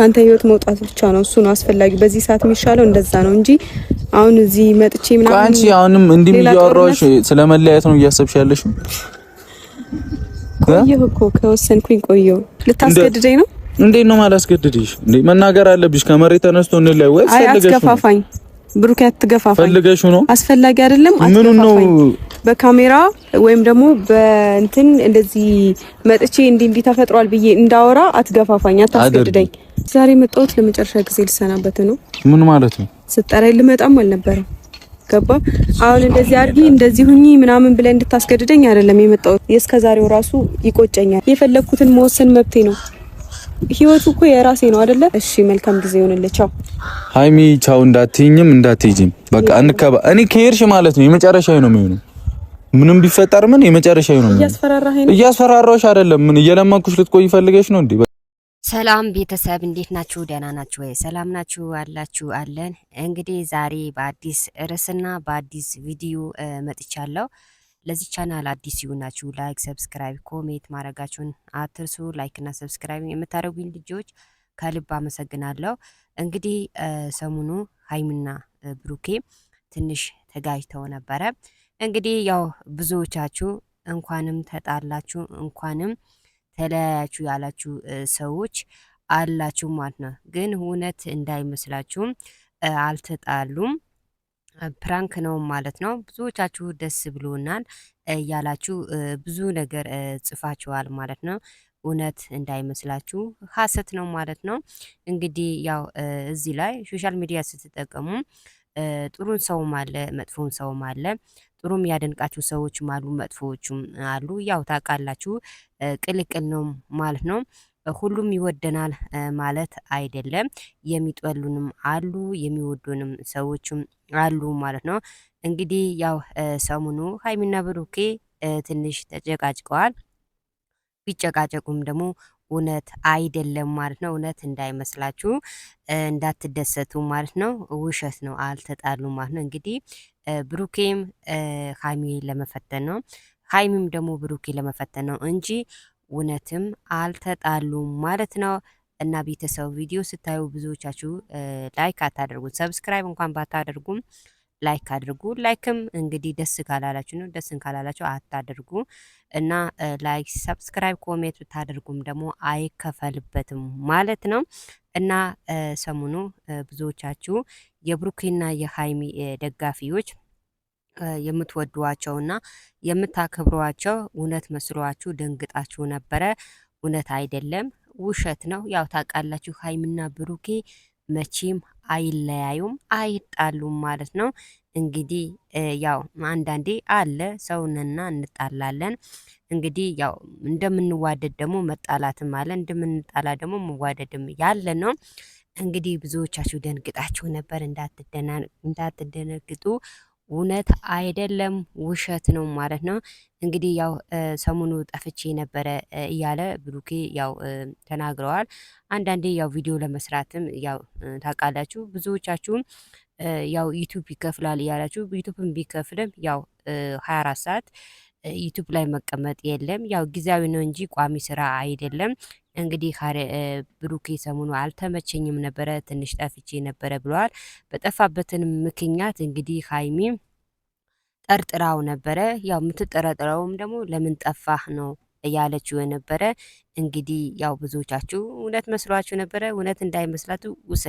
ከአንተ ህይወት መውጣት ብቻ ነው። እሱ ነው አስፈላጊ በዚህ ሰዓት የሚሻለው እንደዛ ነው እንጂ አሁን እዚህ መጥቼ ምናምን አንቺ አሁንም እንዲህ እያወራሁሽ ስለመለያየት ነው እያሰብሽ ያለሽ። ቆየሁ እኮ ከወሰንኩኝ ቆየሁ። ልታስገድደኝ ነው? እንዴት ነው ማላስገድድሽ? እንዴ መናገር አለብሽ። ከመሬት ተነስቶ እንላይ ወይ ፈልገሽ አትገፋፋኝ። ብሩክ አትገፋፋኝ። ፈልገሽ ነው አስፈላጊ አይደለም። ምኑን ነው በካሜራ ወይም ደግሞ በእንትን እንደዚህ መጥቼ እንዲህ እንዲህ ተፈጥሯል ብዬ እንዳወራ አትገፋፋኝ፣ አታስገድደኝ። ዛሬ መጣሁት ለመጨረሻ ጊዜ ልሰናበት ነው። ምን ማለት ነው? ስጠራኝ ልመጣም አልነበረም። ገባ? አሁን እንደዚህ አድርጊ እንደዚህ ሁኚ ምናምን ብለህ እንድታስገድደኝ አይደለም የመጣሁት። የእስከ ዛሬው ራሱ ይቆጨኛል። የፈለግኩትን መወሰን መብቴ ነው። ህይወቱ እኮ የራሴ ነው አይደለ? እሺ መልካም ጊዜ ይሆንልህ። ቻው ሀይሚ፣ ቻው። እንዳትይኝም እንዳትይጂም። በቃ እንከባ። እኔ ከሄድሽ ማለት ነው የመጨረሻዬ ነው የሚሆነው ምንም ቢፈጠር ምን የመጨረሻ ነው። እያስፈራራሽ አይደለም። ምን እየለመንኩሽ ልትቆይ ፈልገሽ ነው እንዴ? ሰላም ቤተሰብ እንዴት ናችሁ? ደህና ናችሁ ወይ? ሰላም ናችሁ አላችሁ? አለን እንግዲህ ዛሬ በአዲስ ርዕስና በአዲስ ቪዲዮ መጥቻለሁ። ለዚህ ቻናል አዲስ ይሁናችሁ ላይክ፣ ሰብስክራይብ፣ ኮሜንት ማድረጋችሁን አትርሱ። ላይክና ሰብስክራይብ የምታደርጉኝ ልጆች ከልብ አመሰግናለሁ። እንግዲህ ሰሞኑ ሀይሚና ብሩኬ ትንሽ ተጋጅተው ነበረ። እንግዲህ ያው ብዙዎቻችሁ እንኳንም ተጣላችሁ እንኳንም ተለያያችሁ ያላችሁ ሰዎች አላችሁ ማለት ነው። ግን እውነት እንዳይመስላችሁም አልተጣሉም፣ ፕራንክ ነው ማለት ነው። ብዙዎቻችሁ ደስ ብሎናል ያላችሁ ብዙ ነገር ጽፋችኋል ማለት ነው። እውነት እንዳይመስላችሁ ሀሰት ነው ማለት ነው። እንግዲህ ያው እዚህ ላይ ሶሻል ሚዲያ ስትጠቀሙ ጥሩን ሰውም አለ መጥፎን ሰውም አለ። ጥሩ የሚያደንቃችሁ ሰዎችም አሉ፣ መጥፎዎችም አሉ። ያው ታውቃላችሁ ቅልቅል ነው ማለት ነው። ሁሉም ይወደናል ማለት አይደለም። የሚጠሉንም አሉ፣ የሚወዱንም ሰዎችም አሉ ማለት ነው። እንግዲህ ያው ሰሙኑ ሀይሚና ብሩኬ ትንሽ ተጨቃጭቀዋል። ቢጨቃጨቁም ደግሞ እውነት አይደለም ማለት ነው። እውነት እንዳይመስላችሁ እንዳትደሰቱ ማለት ነው። ውሸት ነው፣ አልተጣሉ ማለት ነው። እንግዲህ ብሩኬም ሀይሚ ለመፈተን ነው፣ ሀይሚም ደግሞ ብሩኬ ለመፈተን ነው እንጂ እውነትም አልተጣሉም ማለት ነው። እና ቤተሰብ ቪዲዮ ስታዩ ብዙዎቻችሁ ላይክ አታደርጉም፣ ሰብስክራይብ እንኳን ባታደርጉም ላይክ አድርጉ። ላይክም እንግዲህ ደስ ካላላችሁ ነው፣ ደስን ካላላችሁ አታደርጉ እና ላይክ፣ ሰብስክራይብ፣ ኮሜንት ብታደርጉም ደግሞ አይከፈልበትም ማለት ነው። እና ሰሞኑ ብዙዎቻችሁ የብሩኬና የሀይሚ ደጋፊዎች የምትወዷቸውና የምታከብሯቸው እውነት መስሏችሁ ደንግጣችሁ ነበረ። እውነት አይደለም፣ ውሸት ነው። ያው ታውቃላችሁ፣ ሀይሚና ብሩኬ መቼም አይለያዩም፣ አይጣሉም ማለት ነው። እንግዲህ ያው አንዳንዴ አለ ሰውንና እንጣላለን። እንግዲህ ያው እንደምንዋደድ ደግሞ መጣላትም አለ፣ እንደምንጣላ ደግሞ መዋደድም ያለ ነው። እንግዲህ ብዙዎቻችሁ ደንግጣችሁ ነበር። እንዳትደነግጡ እውነት አይደለም ውሸት ነው ማለት ነው። እንግዲህ ያው ሰሞኑ ጠፍቼ ነበረ እያለ ብሩኬ ያው ተናግረዋል። አንዳንዴ ያው ቪዲዮ ለመስራትም ያው ታውቃላችሁ ብዙዎቻችሁም ያው ዩቱብ ይከፍላል እያላችሁ ዩቱብም ቢከፍልም ያው ሀያ አራት ሰዓት ዩቱብ ላይ መቀመጥ የለም። ያው ጊዜያዊ ነው እንጂ ቋሚ ስራ አይደለም። እንግዲህ ብሩኬ ሰሞኑ አልተመቸኝም ነበረ፣ ትንሽ ጠፍቼ ነበረ ብለዋል። በጠፋበትን ምክንያት እንግዲህ ሀይሚ ጠርጥራው ነበረ። ያው የምትጠረጥረውም ደግሞ ለምን ጠፋህ ነው እያለችው የነበረ። እንግዲህ ያው ብዙዎቻችሁ እውነት መስሏችሁ ነበረ። እውነት እንዳይመስላችሁ ውሰድ